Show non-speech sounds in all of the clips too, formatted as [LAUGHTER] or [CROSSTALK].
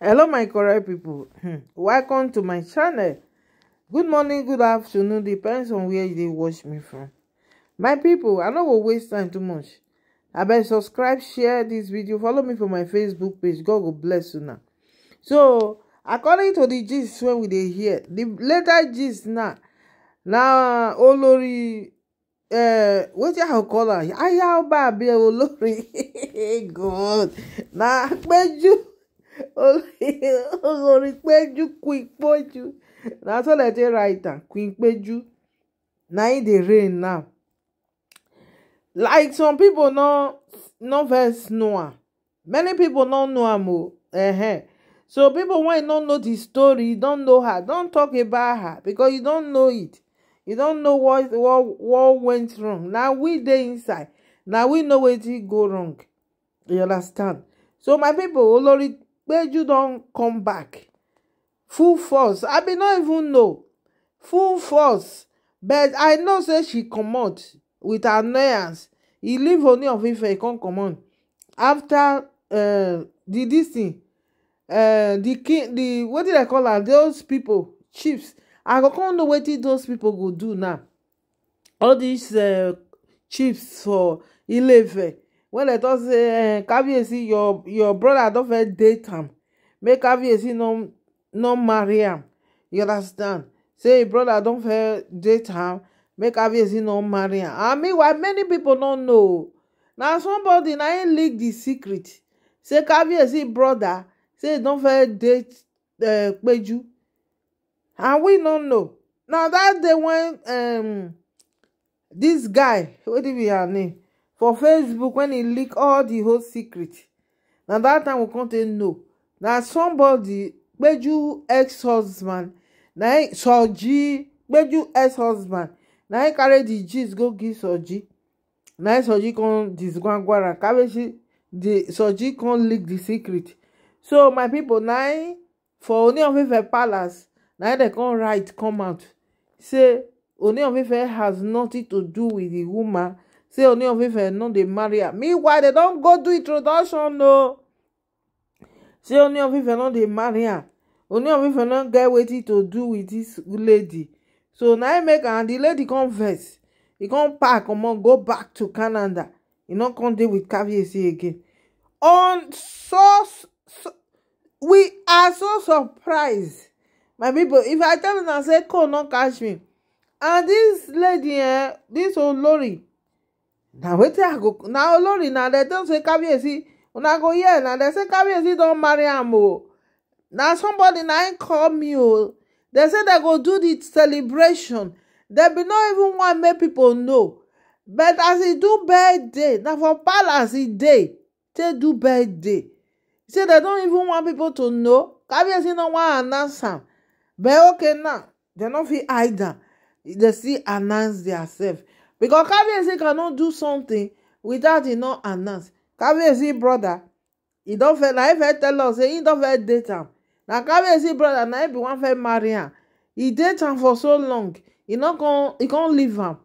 hello my correct people. Hmm. welcome to my channel good morning good afternoon depends on where you watch me from my people, i know go waste time too much I abeg subscribe share this video follow me for my facebook page god will bless you now. so according to the gist wey we dey hear di later gist Now, na olori eh wetin i call her ayaoba abi olori [LAUGHS] god na peju olórin péjú queen péjú na so dem take write am queen péjú na im dey reign now like some pipo no no vex know am many pipo no know am o -huh. so pipo wey no know di story don know her don talk about her because you don know it you don know what what what went wrong na we dey inside na we know wetin go wrong you understand so my pipo olori gbeju don come back full force i bin no even know full force but i know say she comot wit her annoyance e leave her of ife e con comot afta di dis thing di eh, king di wetin dem call am those pipo chiefs i no come know wetin those pipo go do now all dis eh, chiefs for ile ife. when dem talk say caviarcy your your brother don first date am make caviarcy no no marry am you understand say your brother don first date am make caviarcy no marry am and meanwhile many people no know na somebody na im leak the secret say caviarcy brother say e don first date eh, peju and we no know na that day when um this guy what be her name for facebook when he leak all the whole secret now that time we come take know na somebody kpeju ex husband Now im soji kpeju ex husband Now he carry the gist go give soji Now im soji come disgwangwara kabeji The soji come leak the secret so my people, now for only of ife palace now they dey come write come out say only of ife has nothing to do with the woman say oni of ife eh, no dey marry am meanwhile dem don go do introduction o say oni of ife eh, no dey marry am oni of ife eh, no get wetin to do wit dis lady so na im make am di lady come vex e come pack comot go back to canada e no come dey wit caviarcy again on so so we are so surprised my pipo if i tell una say cold no catch me and dis lady eh dis olori na wetin i go na olori na dem don say kabiyesi una go hear na dem say kabiyesi don marry am o oh. na somebody na im call me o oh. dem say dem go do di celebration dem bin no even wan make pipo know but as e do birthday na for palace e dey take do birthday say dem don even want pipo to know kabiyesi no wan announce am but okay now dem no fit hide am dem still announce diasef because kabiyesi cannot do something without e not announce kabiyesi brother he don't first na him tell us he don't don first date am na kabiyesi brother now he be wan first marry am e date him for so long He not come he come leave him.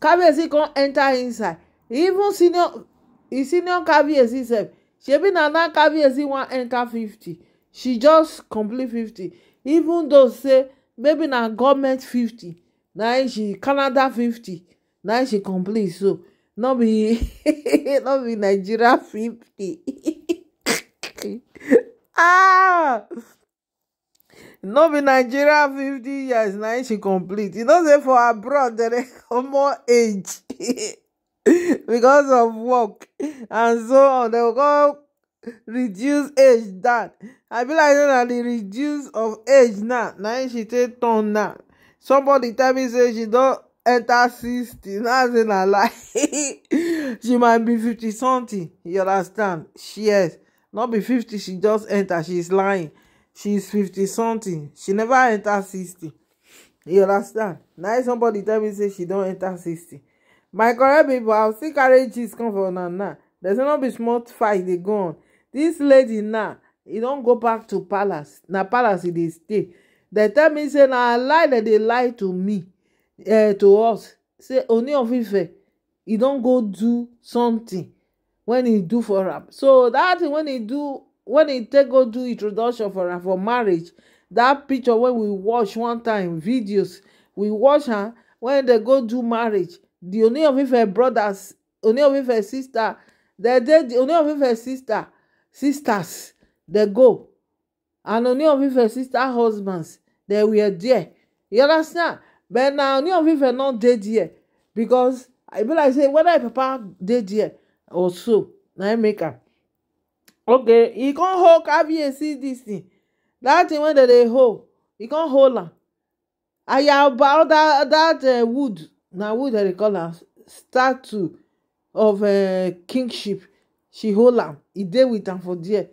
kabiyesi come enter inside even senior e senior kabiyesi sef she be now now kabiyesi want enter fifty she just complete fifty even though say maybe now government fifty Now she canada fifty now she complete so no be não be nigeria 50, ah não be nigeria 50 years não she complete you know say for abroad dem é comot age [LAUGHS] because of work and so on dem go reduce age down i be like say na the reduce of age now na she take turn now somebody tell me say she don enter 60. That's in a lie. [LAUGHS] she might be 50 something. You understand? She is. Not be 50. She just enter. She's lying. She's 50 something. She never enter 60. You understand? Now somebody tell me say she don't enter 60. My correct people, I'll see carry she's come for now now. There's no be smart fight they gone. This lady now, e don't go back to palace. Na palace she dey stay. They tell me say na lie that they lie to me. uh, to us say Ooni of Ife he don go do something when he do for am so that thing when he do when he take go do introduction for am for marriage that picture wey we watch one time videos we watch am when dem go do marriage the Ooni of Ife brothers Ooni of Ife sister dem dey the Ooni of Ife sister sisters dem go and Ooni of Ife sister husbands dem were there you understand but na onion vive no dey there because I be like say whether im papa dey there or so na im make am okay he con hold kabie see dis thing dat thing wey dem dey hold He con hold am ayaba that uh, wood na wood dem dey call am statue of uh, kingship she hold am he dey with am for there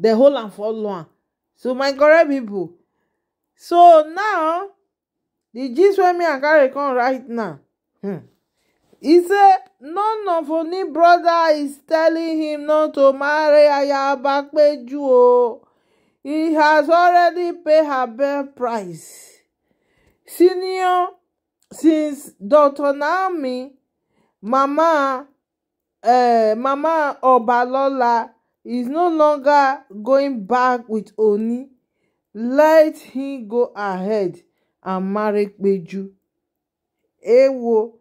dem hold am for long so my correct people. so now di gist wey me and carry come right now hmm. e say none of oni brother is telling him not to marry ayaba peju o he has already pay her bell price senior since dr naomi mama uh, mama obalola is no longer going back with oni let him go ahead Amarekpeju. Ewo.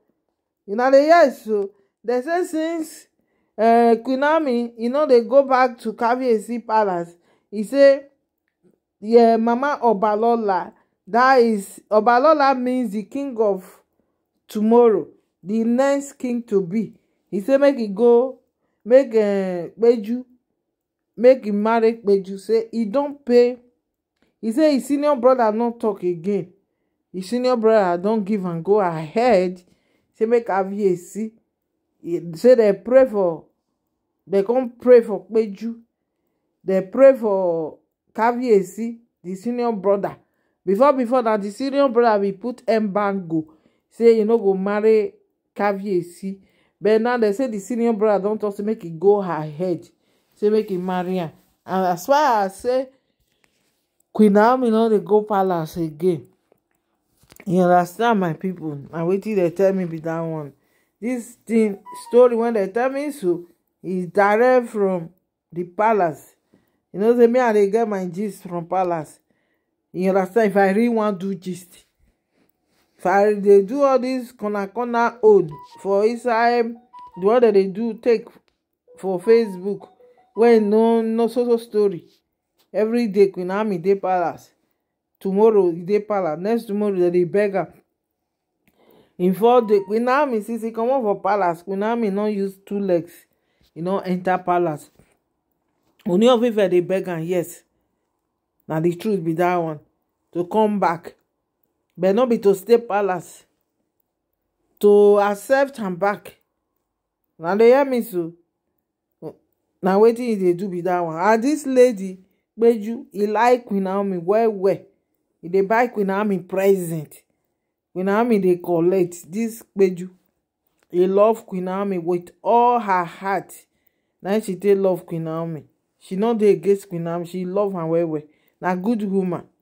Una dey hear so. They say since uh, eh, Queen Naomi, you know, they go back to Kabiyesi Palace. He say, yeah, Mama Obalola. That is, Obalola means the king of tomorrow. The next king to be. He say make he go, make uh, eh, Peju, make him marry Peju. Say he don pay. He say his senior brother no talk again. di senior brother don give am go ahead say make kave si say dey pray for dey come pray for peju dey pray for kave si di senior brother before before na di senior brother bin put embargo say no go marry but now dem say di senior brother don talk say make e go ahead say make im marry am and as far as say queen naomi no dey go palace again. you understand my pipo na wetin they tell me be that one This thing story when they tell me so is direct from the palace you know say me i dey get my gist from palace you understand if i really wan do gist if i dey do all this corner corner hold for inside the one dem dey do take for facebook When no no social story every day queen army day palace tomorrow e dey palace next tomorrow they dey beg am in four days queen naomi see say comot for palace queen naomi no use two legs e no enter palace oni of ife dey beg am yes na the truth be that one to come back but no be to stay palace to accept am back na dey hear me so na wetin e dey do be that one and this lady gbeju he like queen naomi well well e dey buy queen Ami present queen Ami dey collect dis kpeju e love queen Ami with all her heart na she take love queen Ami. she no dey against queen Ami. she love am well well na good woman